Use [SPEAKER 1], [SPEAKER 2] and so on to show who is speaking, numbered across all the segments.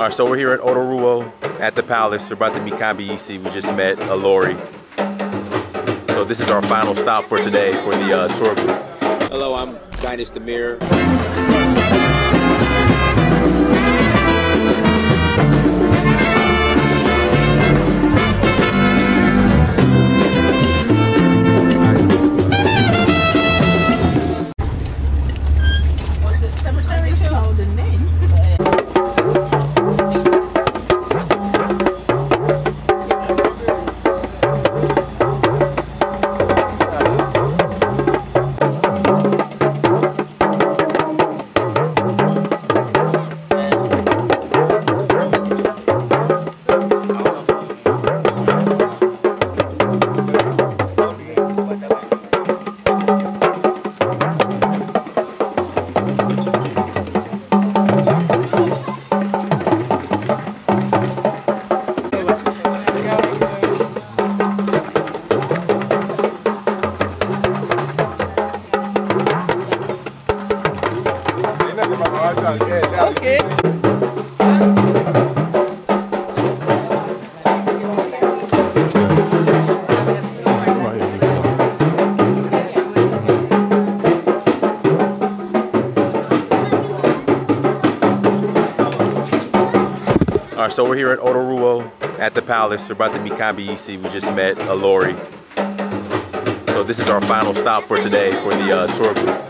[SPEAKER 1] All right, so we're here at Otoruo at the Palace. We're about to meet Kambiisi. We just met Alori. So this is our final stop for today for the uh, tour group. Hello, I'm Dinas Demir. So we're here at Otoruo at the Palace. We're about to meet Kambiisi. We just met Alori. So this is our final stop for today for the uh, tour group.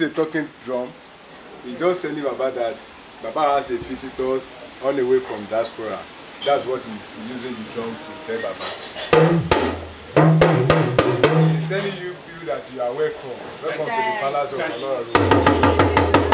[SPEAKER 1] is a talking drum he just telling baba that baba has a visitors on the way from diaspora that's what he's using the drum to tell baba he's telling you you that you are welcome welcome to the palace of olorun.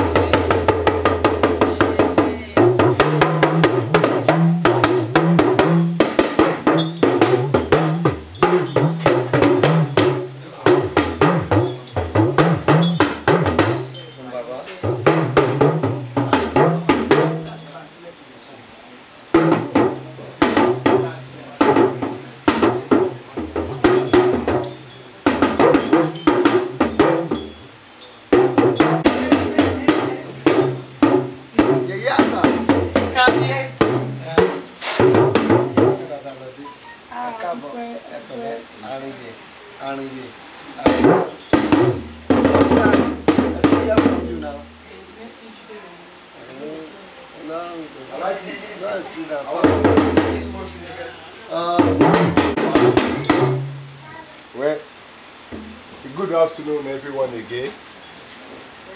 [SPEAKER 1] afternoon, everyone, again.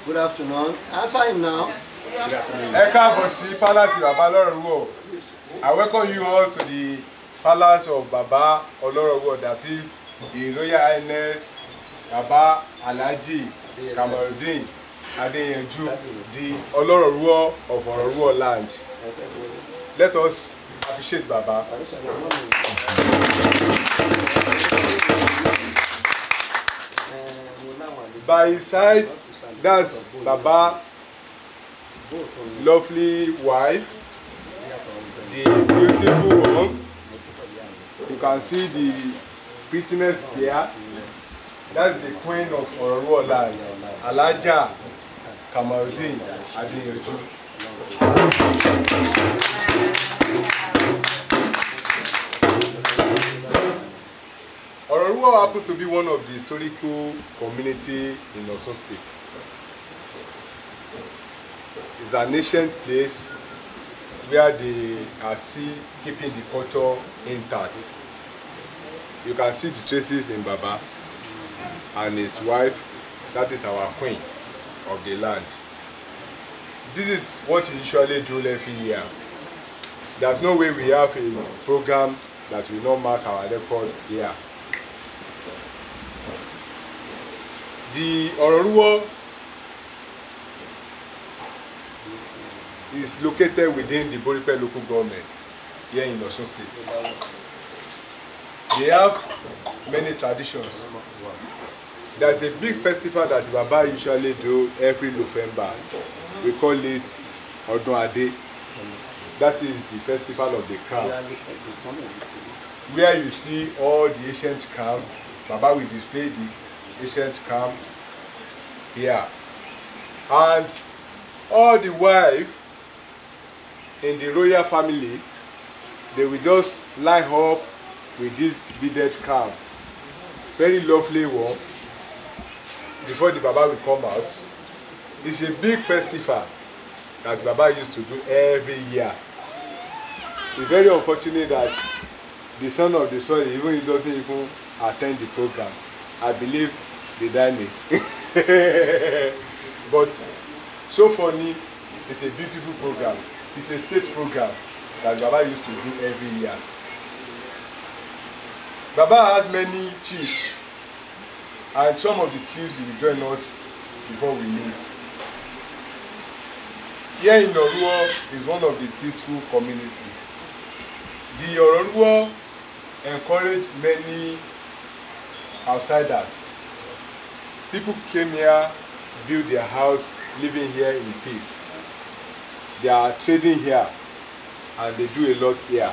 [SPEAKER 1] Good afternoon. Answer him now. Good afternoon. Palace Bàbá Ọlọ́runwọ̀. I welcome you all to the Palace of Baba Ọlọ́runwọ̀, that is the Royal Highness Bàbá Alhaji Kamarudin Adeyanju, the Ọlọ́runwọ̀ of Ọ̀rọ̀runwọ̀ land. Let us appreciate Bàbá. by his side that's baba lovely wife the beautiful woman you can see the prettiness there that's the queen of Ororuola Alaja Kamarudeen Adeyanju. Thank you. Arua happened to be one of the historical community in Osun State. It's an ancient place where they are still keeping the culture intact. You can see the traces in Baba and his wife. That is our queen of the land. This is what we usually do every year. There's no way we have a program that will not mark our record here. the Ororuwo is located within the Boripe local government here in Osun State. They have many traditions. There's a big festival that Baba usually do every November. We call it Odun That is the festival of the cow, Where you see all the ancient crown, Baba will display the Is patient come here. And all the wife in the royal family, they will just line up with this beaded calf. Very lovely one. Before the Baba will come out. It's a big festival that Baba used to do every year. It's very unfortunate that the son of the soil even he doesn't even attend the program. I believe they die mate but so funny it's a beautiful program it's a state program that baba used to do every year baba has many chiefs and some of the chiefs will join us before we leave here in oruo is one of the peaceful community the oruo encourage many outsiders people came here, built their house, living here in peace. They are trading here and they do a lot here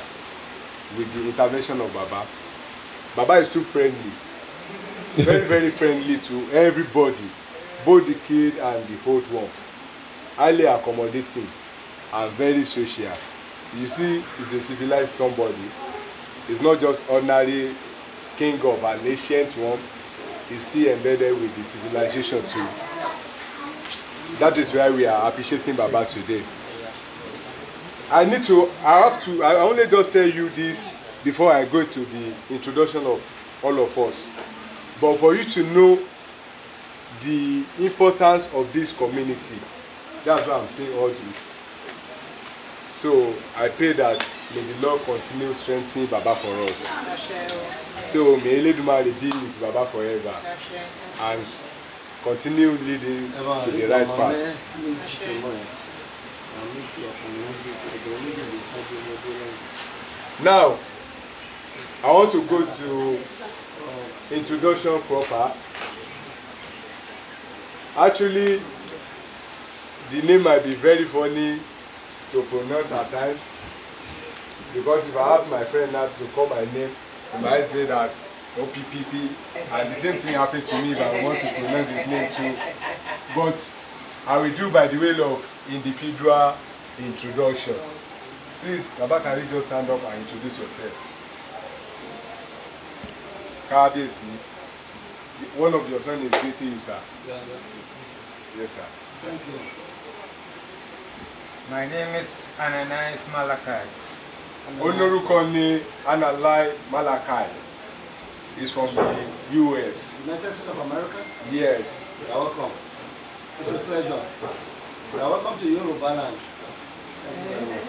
[SPEAKER 1] with the intervention of Baba. Baba is too friendly, very, very friendly to everybody, both the kid and the whole world. Highly accommodating and very social. You see, he's a civilized somebody. He's not just ordinary king of an ancient one is still embedded with the civilization too. That is why we are appreciating Baba today. I need to, I have to, I only just tell you this before I go to the introduction of all of us. But for you to know the importance of this community, that's why I'm saying all this so i pray that may the lord continue strengthening baba for us so may eledumare be with baba forever and continue leading to the right path. now i want to go to introduction proper actually the name might be very funny to pronounce at times because if I ask my friend now to call my name, I might say that OPPP, oh, and the same thing happened to me if I want to pronounce his name too. But I will do by the way of individual introduction. Please, Baba, can you just stand up and introduce yourself? Kábíyèsí, one of your son is greeting you, sir. Yes, sir. Thank you. My name is Ananias Malakai. Onorúkọ ni Analai Malakai He's from the U.S. United States of America? Yes. You are welcome. It's a pleasure. You are welcome to Yoruba land. Thank you very much.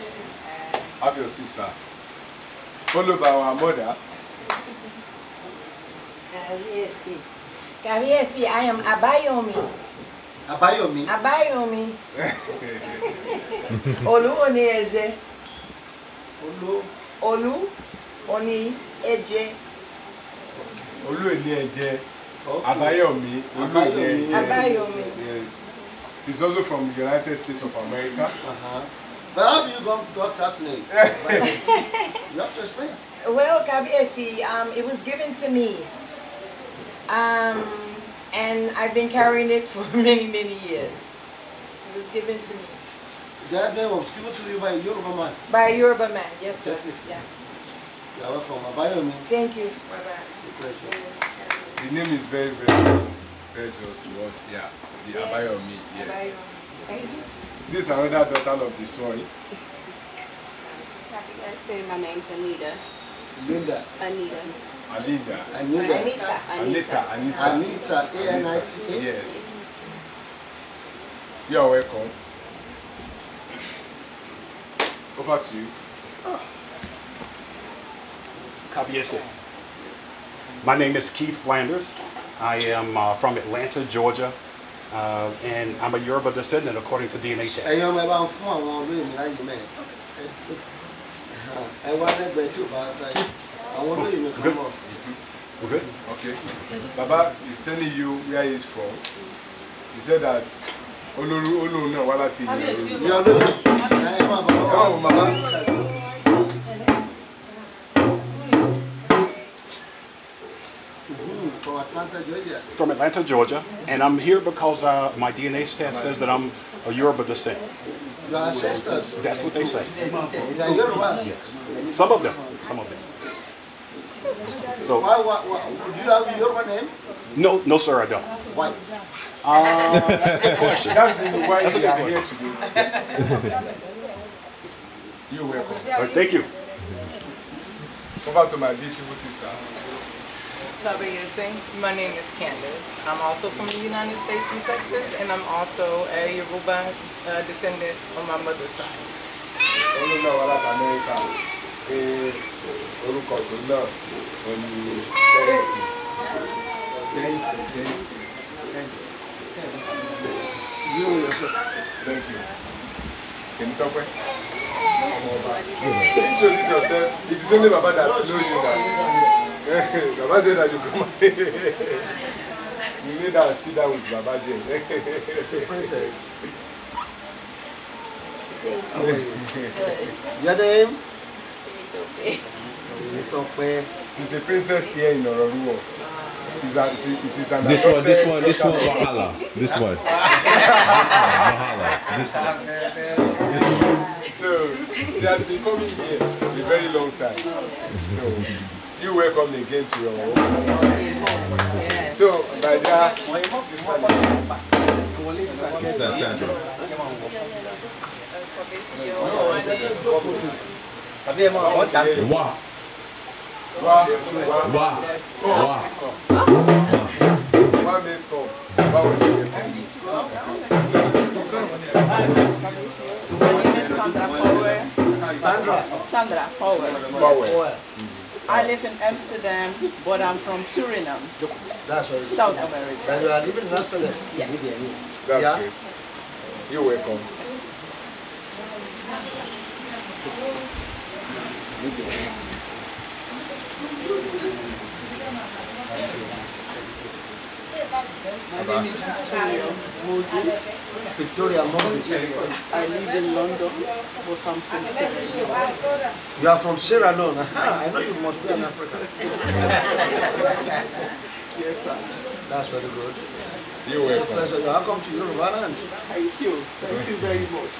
[SPEAKER 1] Have your sister. Followed by our mother. Kaviyesi. Kaviyesi, I am Abayomi. Abayomi. Abayomi. olúwo ni ẹ̀jẹ̀. Olu. Olu oní Eje. Olu ni Eje. Abayomi. Abayomi. Abayomi. ẹ̀jẹ̀. àbáyọ̀mí. yes she's also from the united states of america. Uh-huh. But how do you got that name? you have to explain. Well, See, um, it was given to me. Um, and I've been carrying it for many, many years. It was given to me.
[SPEAKER 2] That name was given to you by a Yoruba man? By a Yoruba man, yes sir. Definitely. Yeah. You are welcome. Abayomi. Thank you. Bye-bye. It's a pleasure.
[SPEAKER 1] The name is very, very precious to us. Yeah, the yes. Abayomi, yes. Abayomi. Thank you. This is another daughter of the story.
[SPEAKER 2] Happy birthday. My name's Anita. Linda. Anita.
[SPEAKER 1] Anita. Anita. Anita. Anita. Anita. Anita. A-N-I-T-A. Yes. You are welcome. Over to you. Kabiese. My name is Keith Flanders. I am uh, from Atlanta, Georgia, uh, and I'm a Yoruba descendant according to DNA test. Ẹ̀yin ọmọ ẹ bá ń
[SPEAKER 2] fún àwọn ọdún ìmìlá yìí mẹ́rin. Ẹ wá lẹ́gbẹ̀ẹ́ tí
[SPEAKER 1] our name will come up. Okay? Okay. Baba is telling you where he's from. He said that Olórí Olórí náà wá láti ìlú. Ìyá ló ẹ máa bọ̀ ọ́. Ẹ bọ̀ bàbá.
[SPEAKER 2] From Atlanta, Georgia.
[SPEAKER 1] From Atlanta, Georgia, and I'm here because uh, my DNA test says that I'm a Yoruba descent. Your ancestors. That's what they say. They
[SPEAKER 2] are Yes.
[SPEAKER 1] Some of them. Some of them.
[SPEAKER 2] So why, why, why, do you have your name?
[SPEAKER 1] No, no, sir, I don't. Why? Uh, that's a good question. That's the reason that's you are here today. You're welcome. Right, thank you. Over to my beautiful sister. My name is Candace. I'm also from the United States and Texas, and I'm also a Yoruba uh, descendant on my mother's side. pé orúkọ tó náà ò ní tẹ́ǹtì tẹ́ǹtì tẹ́ǹtì tẹ́ǹtì. yóò yọ thank you. kèmí tọ́pẹ́. introduce yourself it is only baba that know you na baba say that you come you need to sit down with baba there. she's a princess. How are you? Your name? She's a princess here in Ororuo. this one, this one, this one, Wahala. This one. this one, This one. So, she has been coming here a very long time. So, you welcome again to your home. So, by that, sister, Sandra. Oh, Sabi Sandra Power. Sandra. Sandra Power. Power. I live in Amsterdam, but I'm from Suriname. That's right. South America. And you are living in Amsterdam? Yes. That's yeah. great. You're welcome. My
[SPEAKER 2] Victoria Moses. Victoria Moses. I live in London, but I'm from Sierra Leone. You are from Sierra Leone? Aha, I know you must be an African. yes, sir. That's very good.
[SPEAKER 1] You're welcome. It's a pleasure.
[SPEAKER 2] Welcome to Yoruba land. Thank you. Thank you very much.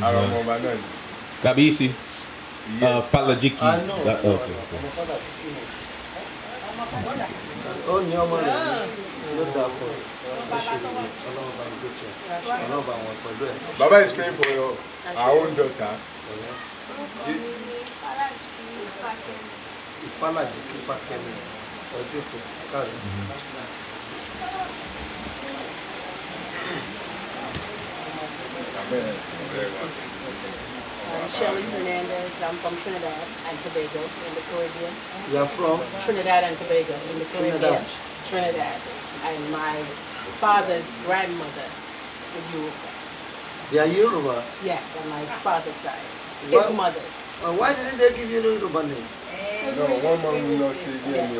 [SPEAKER 1] Yes. Gabisi. yes. uh, Falajiki. I know. That, okay. okay.
[SPEAKER 2] ó oh, ní ọmọ rẹ̀ ló dáa fún ẹ ọlọ́run bá ń gbèjọ ọlọ́run bá wọn pẹ̀lú ẹ. Baba is praying for your
[SPEAKER 1] our own daughter.
[SPEAKER 2] ìfàlàjì kí I'm Shelly Hernandez. I'm from Trinidad and Tobago in the
[SPEAKER 1] Caribbean. You're from? Trinidad and Tobago in the Caribbean. Trinidad. Trinidad. And my father's grandmother is Yoruba.
[SPEAKER 2] They are Yoruba?
[SPEAKER 1] Yes, on my father's side. His mother's.
[SPEAKER 2] Uh, why didn't they give you the Yoruba name? No,
[SPEAKER 1] one man will not say give me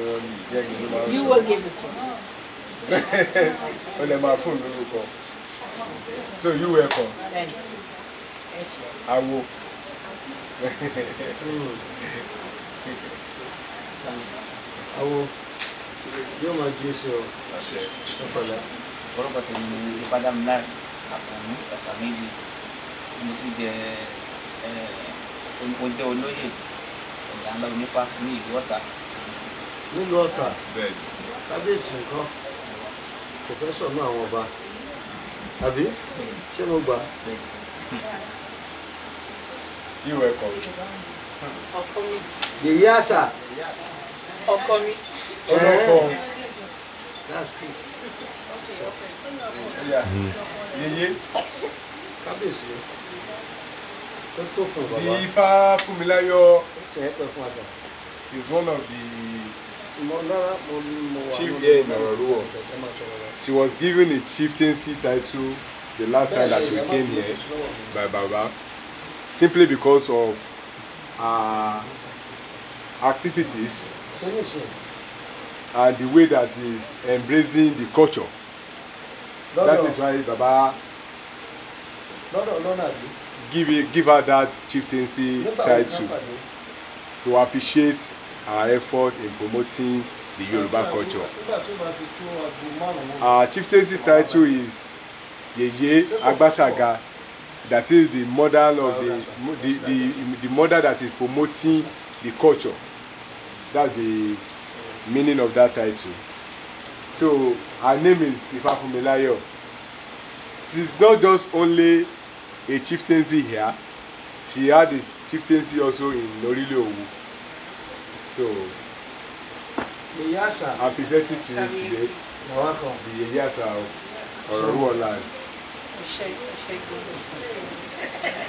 [SPEAKER 1] one. me You will give it to me. Only oh, my phone will go. So you welcome. Thank you. I will.
[SPEAKER 2] awo yóò máa ju ẹsẹ o ọpọlọ orúkọ tèmi ni ìfádàmúláì àkànmú ẹsà méjì
[SPEAKER 1] mo tún jẹ mo jẹ olóyè ọ̀dàlá onífá ní ìlú ọ̀tà.
[SPEAKER 2] nílùú ọ̀tà kábíyèsí nǹkan kò fẹ́ sọ̀nù àwọn ọba àbí ṣé mo gbà
[SPEAKER 1] you welcome. ọkọ mi. yèyí àṣà. ọkọ mi. ọlọkọ. that's good. yèyí. kábíyèsí tó tó fún bàbá. di ifá fúnmiláyọ̀. ṣe é pẹ́ fún àgbà. is one of the. Chief here in Araruo. She was given a chieftaincy title the last time that we came here by Baba simply because of uh, activities and the way that is embracing the culture no, that no. is why baba
[SPEAKER 2] no, no, no, no.
[SPEAKER 1] give give her that chieftaincy title to appreciate her effort in promoting the Yoruba culture. Her chieftaincy title is Yeye Agbasaga that is the model of the, the, the, the model that is promoting the culture. That's the meaning of that title. So her name is Ifafumilayo. She's not just only a chieftaincy here, she had a chieftaincy also in orile So Yeyasa. I'm presenting to you today. welcome. The Yeyasa of Oruwo land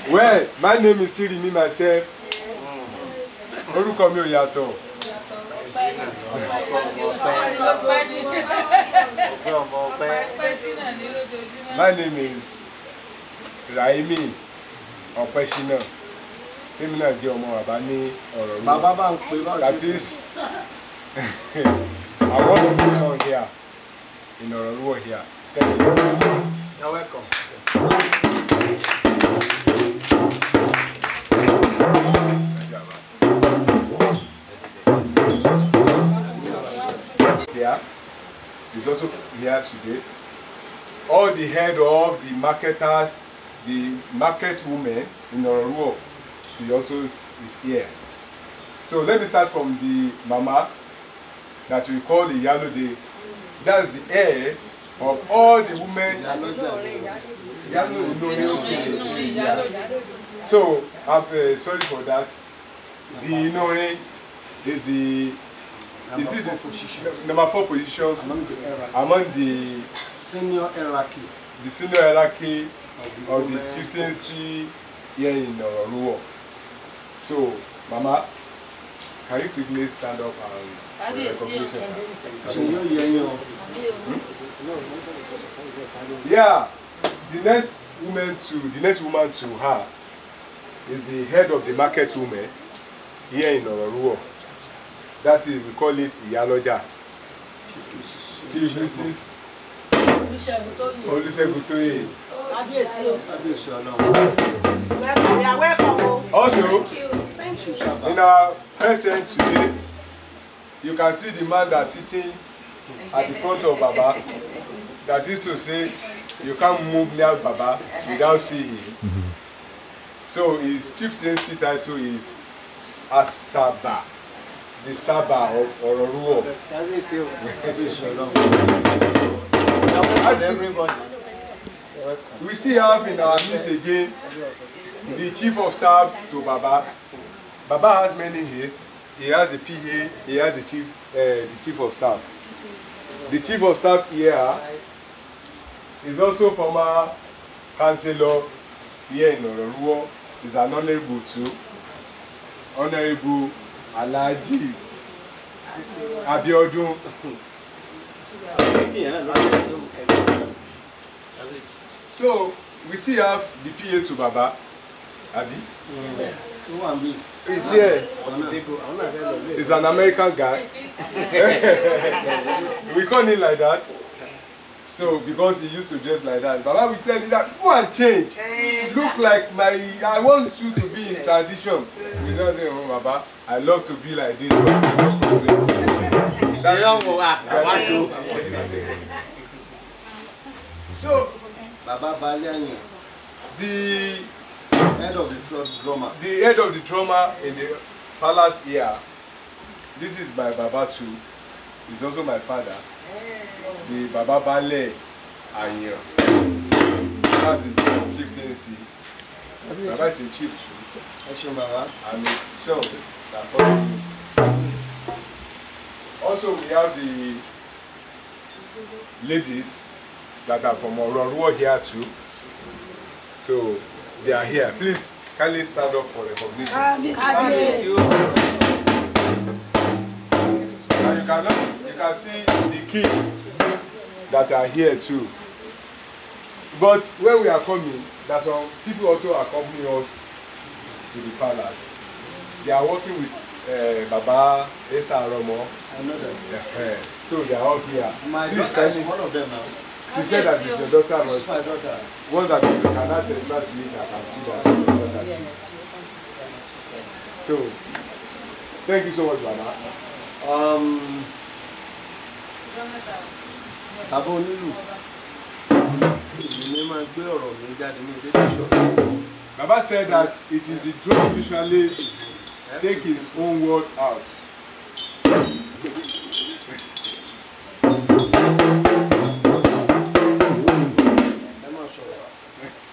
[SPEAKER 1] well my name is still me myself orúkọ mi ò yàtọ̀ my name is Raimi Ọpẹ́ṣínà èmi náà jẹ́ ọmọ bàbá ní ọ̀rọ̀ mi bàbá bá ń pè báwo that is I want to be song here in Ọ̀rọ̀rúwọ̀ here thank you. You're welcome. Here is also here today. All the head of the marketers, the market women in Ororuo, she also is here. So let me start from the mama that we call the Yalode. That's the head of all the women so i'm uh, sorry for that the Inurin eh, is the is this the position. number four position among the senior hierarchy the senior hierarchy of the, of chieftaincy here in Ororuo so mama can you quickly stand up and uh, congratulations. Yeah, the next woman to the next woman to her is the head of the market woman here in Ororuo. That is, we call it Iyaloja. Chief Mrs.
[SPEAKER 2] Olusegun Toye. Also,
[SPEAKER 1] in our present today, you can see the man that's sitting at the front of Baba. That is to say, you can't move near Baba without seeing him. Mm -hmm. So his chieftaincy title is Asaba, the Saba of Ororuo. we still have in our midst again the chief of staff to Baba. Baba has many his. He has the PA, he has the chief, uh, the chief of staff. The chief of staff here is also former councillor here in Ororuo, is an honorable too, Honorable Alaji Abiodun. So we still have the PA to Baba, Abi. Yes. Yeah. He's here. He's an American guy. we call him like that. So because he used to dress like that, Baba will tell you that go and change. Look like my I want you to be in tradition. We don't say, oh Baba, I love to be like this. so Baba Baliani. The Head of the drama. The head of the drama in the palace here. This is my Baba too. He's also my father. The Baba Bale Ayan. That's his chieftaincy. Baba is a chief too. That's your Baba. And it's Sean that followed me. Also, we have the ladies that are from Ororuo here too. So they are here. Please, kindly stand up for recognition. Cabinet. Ah, ah, And you cannot, you can see the kids that are here too. But when we are coming, there are some people also accompany us to the palace. They are working with uh, Baba Esa Aromo. I know them. Yeah. Eh. So they are all here. My Please daughter is one of them now.
[SPEAKER 2] She said that it's your daughter was my
[SPEAKER 1] daughter. One that you cannot is not me that can see that it's your daughter. Yes, so thank you so much, Mama.
[SPEAKER 2] Um Bàbá onílù
[SPEAKER 1] ìlú máa gbé ọ̀rọ̀ mi jáde ní ilé ìṣọ́. Baba said that it is the drum usually take his own word out.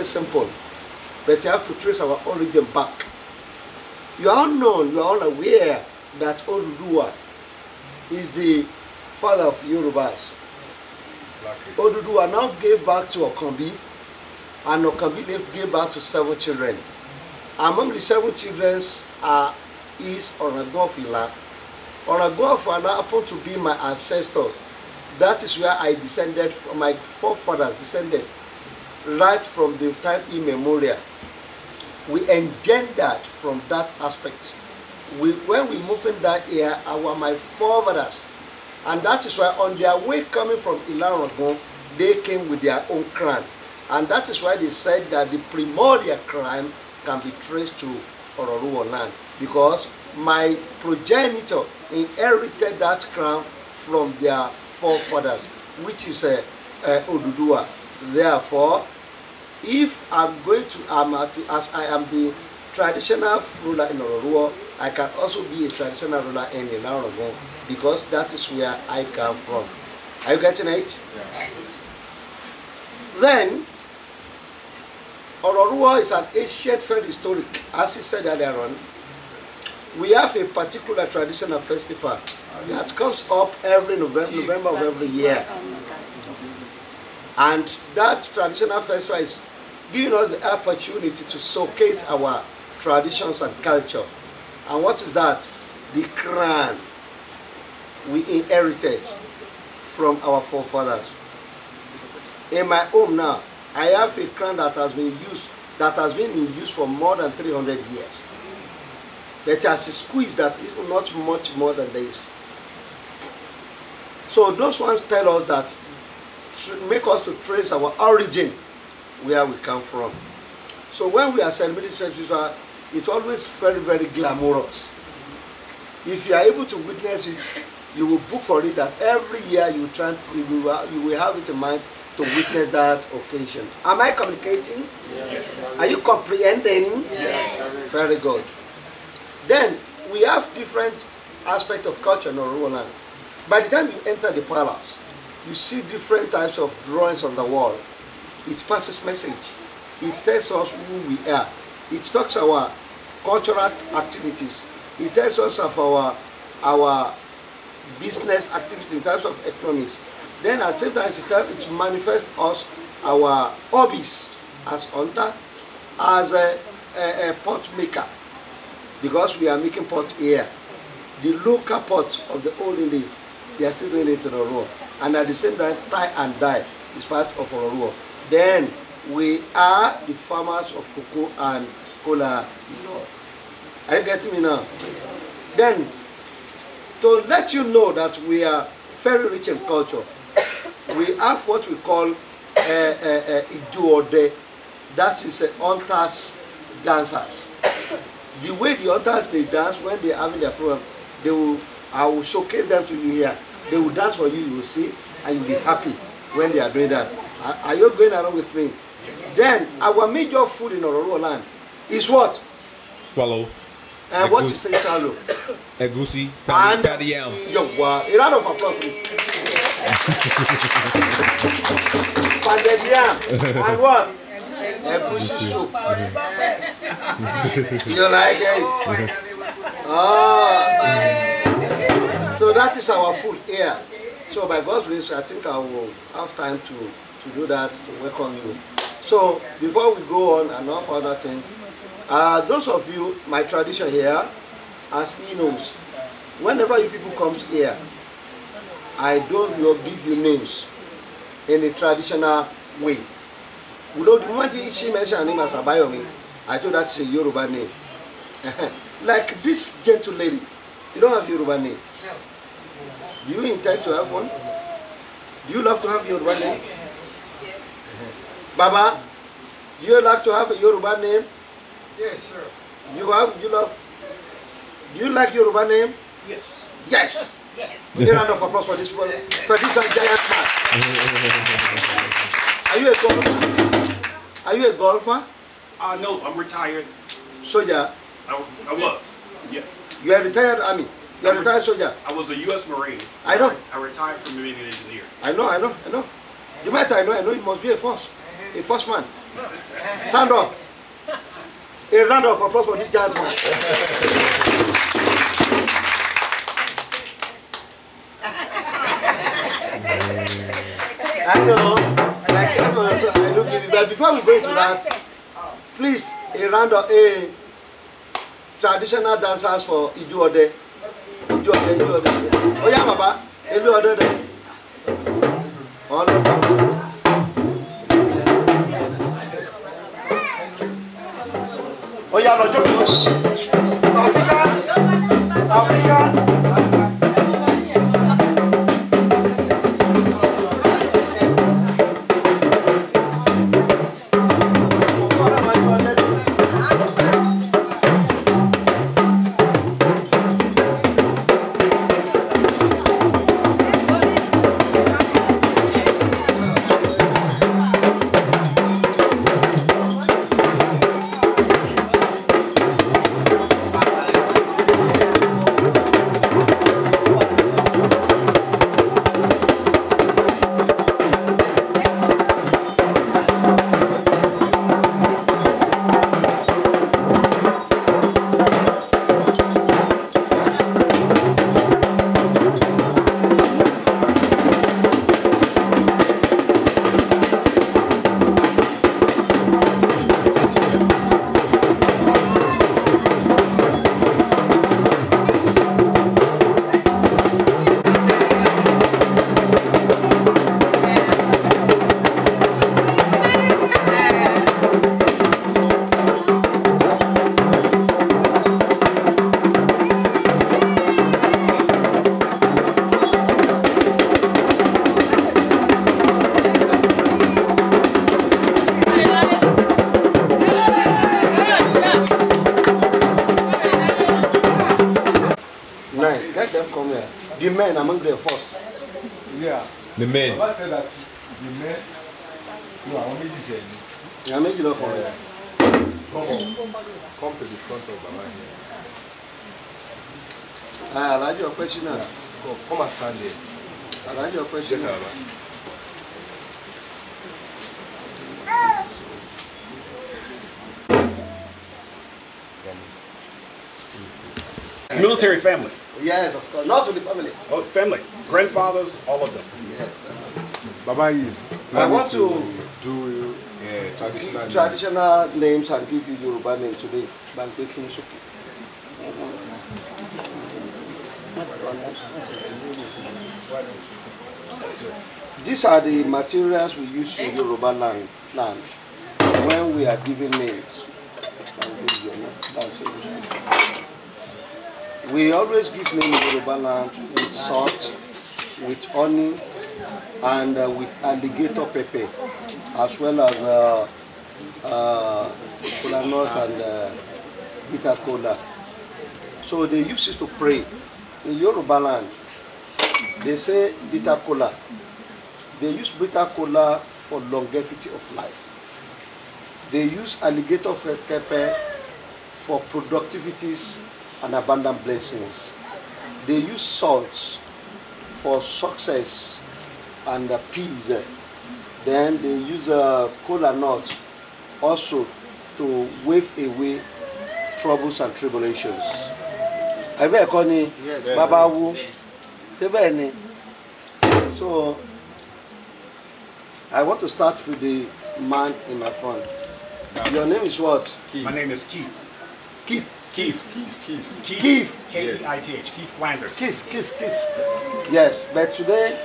[SPEAKER 2] very simple. But you have to trace our origin back. You all know, you are all aware that Odudua is the father of Yorubas. Odudua now gave back to Okambi, and Okambi gave back to seven children. Among the seven children are, is Oragofila. Oragofila happened to be my ancestors. That is where I descended from, my forefathers descended right from the time immemorial. We engendered from that aspect. We, when we move in that area, our my forefathers, and that is why on their way coming from Ilaragon, they came with their own crime. And that is why they said that the primordial crime can be traced to Ororuo land because my progenitor inherited that crown from their forefathers, which is uh, uh, Odudua. Therefore, if I'm going to Amati as I am the traditional ruler in Ororuo, I can also be a traditional ruler in Ilarogo because that is where I come from. Are you getting it? Yeah. Then, Ororuo is an ancient very historic, as he said earlier on. We have a particular traditional festival that comes up every November, November of every year. And that traditional festival is giving us the opportunity to showcase our traditions and culture. And what is that? The crown we inherited from our forefathers. In my home now, I have a crown that has been used, that has been in use for more than 300 years. But has a squeeze that is not much more than this. So those ones tell us that make us to trace our origin, where we come from. So when we are celebrating sex it's always very, very glamorous. If you are able to witness it, you will book for it that every year you try to, you will, have it in mind to witness that occasion. Am I communicating?
[SPEAKER 1] Yes. Are you
[SPEAKER 2] comprehending? Yes. Very good. Then we have different aspects of culture in Roland. By the time you enter the palace, you see different types of drawings on the wall. It passes message. It tells us who we are. It talks our cultural activities. It tells us of our our business activity in terms of economics. Then at the same time, it, tells, it manifests us our hobbies as hunter, as a, a, a pot maker, because we are making pot here. The local pot of the old ladies, they are still doing it in the road and at the same time tie and dye is part of our work. Then we are the farmers of cocoa and cola nut. Are you getting me now? Then to let you know that we are very rich in culture, we have what we call eh, eh, eh, Ijuode. Uh, uh, uh, that is a hunters dancers. the way the hunters they dance when they having their program, they will I will showcase them to you here. They will dance for you, you will see, and you'll be happy when they are doing that. Are, are you going along with me? Then, our major food in Ororo land is what?
[SPEAKER 1] Swallow. And uh, what what is say,
[SPEAKER 2] Salo? Egusi. And yam. Yowa. A round of applause, please. Panded yam. And what?
[SPEAKER 1] Egusi soup. you like it?
[SPEAKER 2] Oh. So that is our food here. So by God's grace, I think I will have time to, to do that, to welcome you. So before we go on and off other things, uh, those of you, my tradition here, as he knows, whenever you people comes here, I don't give you names in a traditional way. Although the moment she mentioned her name as Abayomi, I thought that's a Yoruba name. like this gentle lady, You don't have your Yoruba name. Do you intend to have one? Do you love to have your Yoruba name? Yes. Baba, do you like to have a Yoruba name? Yes, sir. You have, you love, do you like your Yoruba name? Yes. Yes. Yes. We a round of applause for this one. For this one, giant man. Are you a golfer? Are you a golfer? Uh, no, I'm retired. So I, I was, yes. You are retired army. You are retired soldier. I was a U.S. Marine. I know.
[SPEAKER 1] I retired from being an engineer.
[SPEAKER 2] I know, I know, I know. You might I know, I know it must be a force. A force man. Stand up. A round of applause for this gentleman. man. I know. Like, I know, I know, but before we go into that, please, a round of, a, traditional dancers for Ijó ọdẹ Ijó ọdẹ Ijó ọdẹ ó yá bàbá Ijó ọdẹ dẹ Oh ó yá lọ jókòó Africans Africans. men among them first. Yeah. The men. Baba said that the men who are only this end. Yeah, I'm making up for Come on. Come to the front of Baba here. Ah, Alhaji Opechina. Come, come and stand there. Alhaji Opechina. Yes, Alhaji. military family. Yes, of course. Not to the family. Oh, family. Grandfathers, all of them. Yes.
[SPEAKER 1] Uh, Baba is. I want to, to do yeah, traditional,
[SPEAKER 2] traditional names. and give you Yoruba name today. Banque Kinsuki. These are the materials we use in Yoruba land, land when we are giving names. We always give name Yoruba land with salt, with honey, and uh, with alligator pepper, as well as uh, uh, cola nut and uh, bitter cola. So they use it to pray. In Yoruba land, they say bitter cola. They use bitter cola for longevity of life. They use alligator pepper for productivities and abundant blessings. They use salt for success and peace. Then they use a uh, cola nut also to wave away troubles and tribulations. Ẹ̀bẹ́ ẹ̀kọ́ ni bàbá wo ṣé bẹ́ẹ̀ ni? So I want to start with the man in my front. Your name is what? Keith. My name is Keith. Keith. Keith. Keith. Keith. Keith. K-E-I-T-H. E Keith Flanders. Keith. Keith. Keith. Yes, but today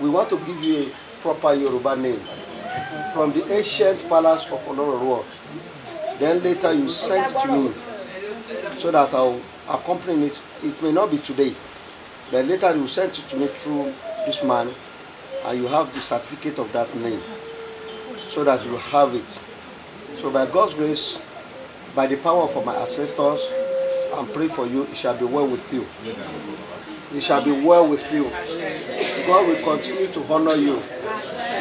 [SPEAKER 2] we want to give you a proper Yoruba name from the ancient palace of Olororo. Then later you send to me
[SPEAKER 1] so that
[SPEAKER 2] I'll accompany it. It may not be today, but later you sent it to me through this man and you have the certificate of that name so that you have it. So by God's grace, by the power of my ancestors am pray for you, it shall be well with you. It shall be well with you. God will continue to honor you.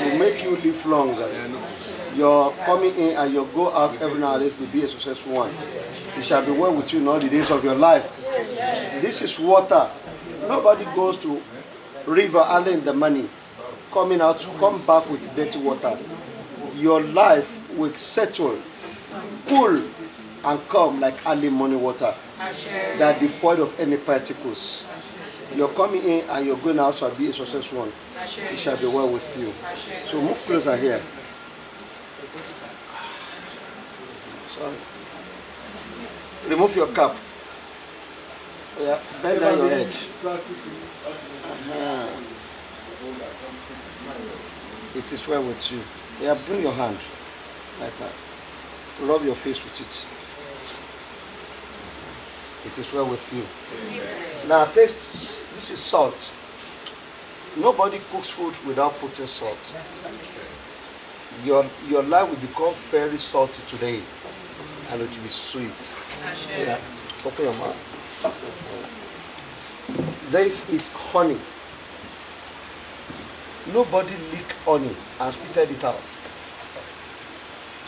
[SPEAKER 2] Will make you live longer. Your coming in and your go out every now and then will be a successful one. It shall be well with you in all the days of your life. This is water. Nobody goes to river island the money, coming out, to come back with dirty water. Your life will settle, cool, and come like early morning water that devoid of any particles. You're coming in and you're going out to be a successful one. It shall be well with you. So move closer here. Sorry. Remove your cap. Yeah, bend down your head.
[SPEAKER 1] Uh-huh.
[SPEAKER 2] It is well with you. Yeah, bring your hand like that. Rub your face with it. it is well with you. Amen. Now, taste this is salt. Nobody cooks food without putting salt. Your, your life will become very salty today and it will be sweet. Yeah. Open your mouth. This is honey. Nobody lick honey and spitted it out.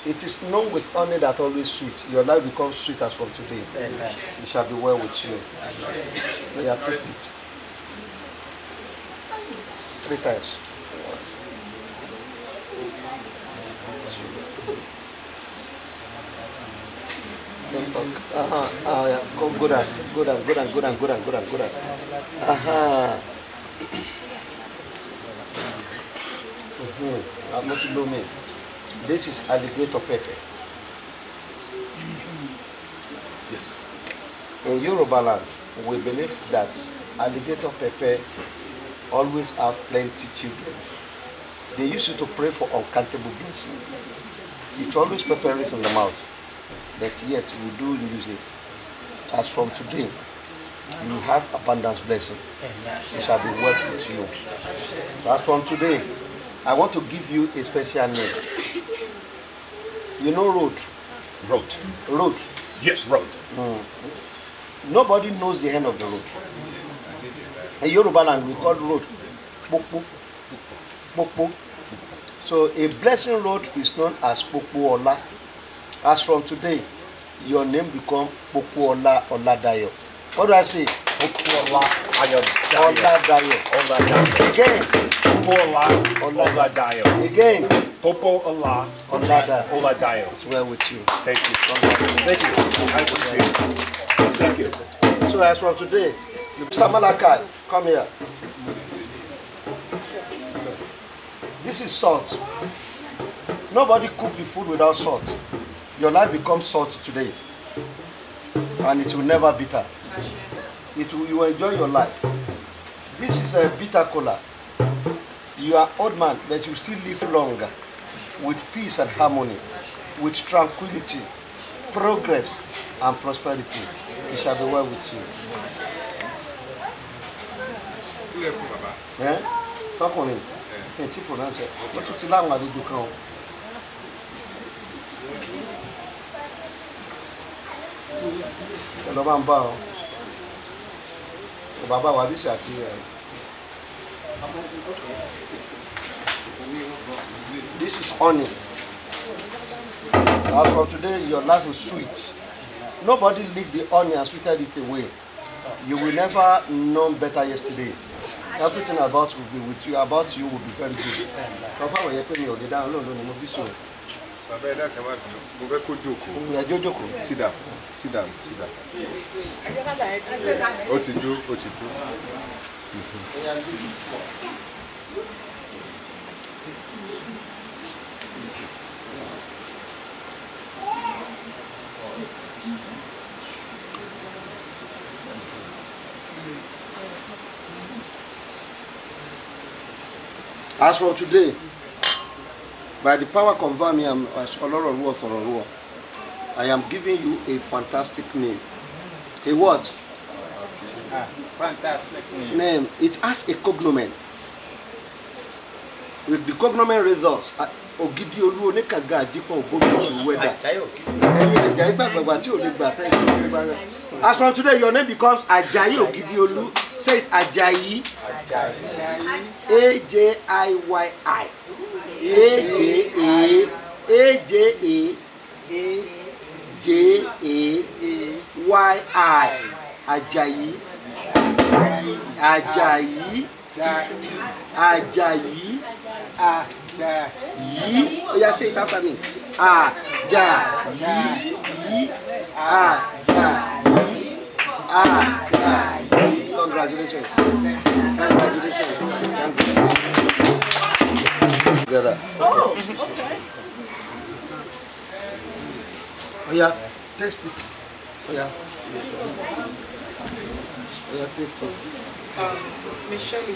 [SPEAKER 2] It is known with honey that always sweet. Your life becomes sweet as from today. Amen. It shall be well with you. May you taste it. Three times. Don't talk. Uh-huh. Uh, yeah. Go, go down. Go down. Go down. Go down. Go down. Go down. Go down. Uh-huh. Mm-hmm. How much do you mean? This is alligator pepper. Yes. In Yoruba land, we believe that alligator pepper always have plenty children. They used to pray for uncountable blessings. It always prepares in the mouth, but yet we do use it. As from today, you have abundance blessing. It shall be worth with you. As from today, I want to give you a special name. You know road? Road. Road. Yes, road. Mm. Nobody knows the end of the road. In Yoruba land, we call road. Popo. Popo. So a blessing road is known as Popo Ola. As from today, your name become Popo Ola Oladayo. What do I say?
[SPEAKER 1] Popo Ola Oladayo. Oladayo. Again. Popo Ola Oladayo. Again. Popo Allah Olada. Oladayo. It's well with you. Thank you. Thank you. Thank you.
[SPEAKER 2] So that's from today. Mr. Malakai, come here. This is salt. Nobody cook the food without salt. Your life becomes salt today. And it will never bitter. It will, you will enjoy your life. This is a bitter cola. You are old man, but you still live longer. with peace and harmony, with tranquility, progress, and prosperity. It shall be well with you. Eh? tọkùnrin eh, This is honey. As for today, your life is sweet. Nobody licked the honey and spitted it away. You will never know better yesterday. Everything about will be with you, about you will be very good. Confirm when you pay me your down loan, no be so.
[SPEAKER 1] Bàbá ẹ̀dá kan wá dùn, mo fẹ́ kó jókòó. Ìyá jó jókòó. Sit down, sit down, sit down.
[SPEAKER 2] As from today, by the power conferred me as Olorunruwa for Ruwa, I am giving you a fantastic name. A what? Ah, fantastic name. name. It has a cognomen. With the cognomen results, ògidì olú oníkàga àjípọ̀ ògbómọ̀ṣù ah, wẹ́dà Àjàyí gbàgbàgbà tí ò lè gbà tẹ́ ìlú ìlú ìbára. As from today your name becomes Ajayi ògidì olú say it Àjàyí
[SPEAKER 1] A-J-I-Y-I
[SPEAKER 2] A-J-A A-J-A J-A-Y-I Ajayi. Ajayi. Àjàyí. yí ó yá say it after me àjà yí yí àjà yí àjà yí congratulations congratulations congratulations. together. Oh, okay. Oh yeah, taste it. Oh yeah. Oh yeah, taste it. Um, Michelle.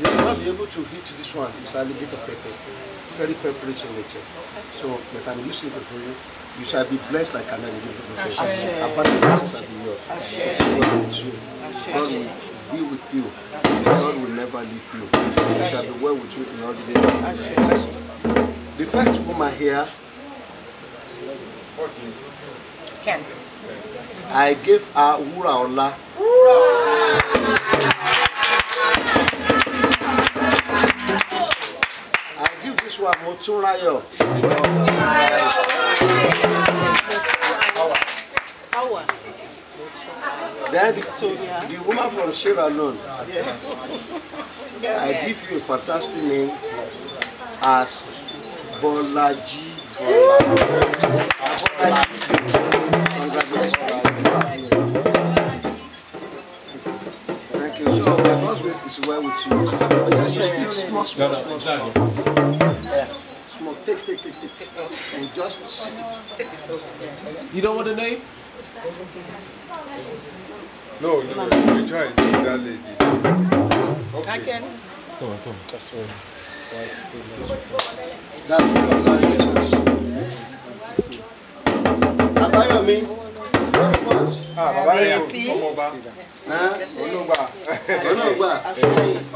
[SPEAKER 1] You will not be able to
[SPEAKER 2] hit this one. It's a little bit of pepper. Very peppery in nature. So, but I'm using it for you. You shall be blessed like an enemy. Abundance shall be yours. God with you. God will be with you. God will never leave you. He shall be well with you in all the days of your The first woman here Candace. I gave her Wura Ola. Wura! wa mo tún ráyọ̀. Then the woman from Sierra Leone, I give you a fantastic name as Bolaji. Thank you. So my husband is well with you. Oh, small, small, small, small. And just sip
[SPEAKER 1] it. Sip it. You don't want the name? No, no, no. We try that lady. Okay. I can. Come on, come on. Just wait. That's what I'm saying. Dèsí. Olóògbà. Olóògbà.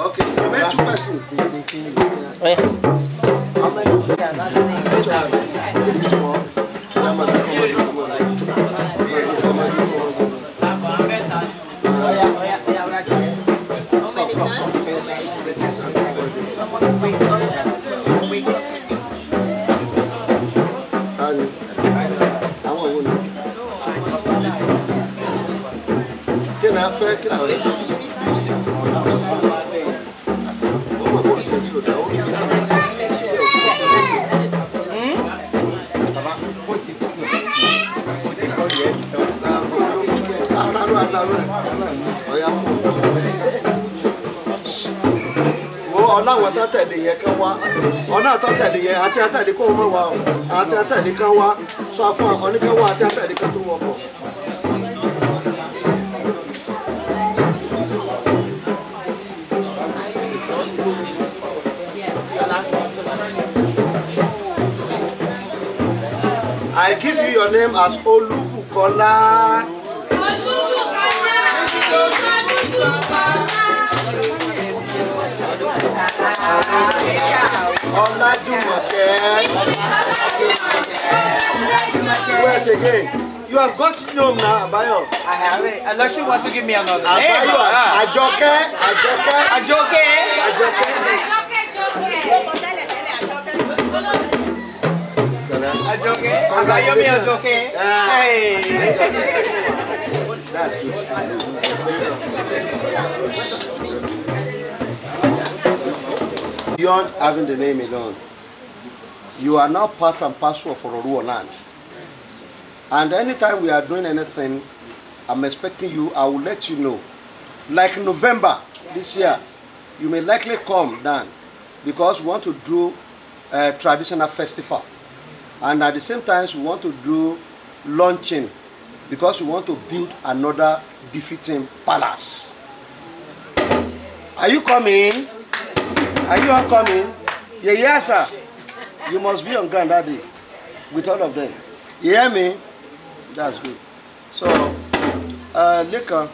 [SPEAKER 2] Ok, remain two person. Ọmọ ìlú. yẹn kán wá ọ̀nà àtọ́tẹ̀lé yẹn àti àtẹ̀lé kó mọ̀ wá àti àtẹ̀lé kán wá sọ fún ọ̀nìkan wá àti àtẹ̀lé kán tó wọ̀pọ̀. I give you your name as Olubukola.
[SPEAKER 1] Where's
[SPEAKER 2] again? You have got home now, Abayo. I have it. Alashi uh, wants to give me another. Abayo, Ajoke, Ajoke, Ajoke, Ajoke. Ajoke, Abayomi Ajoke. Hey. That's good. Beyond having the name alone, you are now part and parcel of Ororua land. And anytime we are doing anything, I'm expecting you, I will let you know. Like November this year, you may likely come down because we want to do a traditional festival. And at the same time, we want to do launching because we want to build another befitting palace. Are you coming? Are you all coming? Yeah, yes, sir. You must be on ground that day with all of them. You hear me? That's good. So, uh, Laker.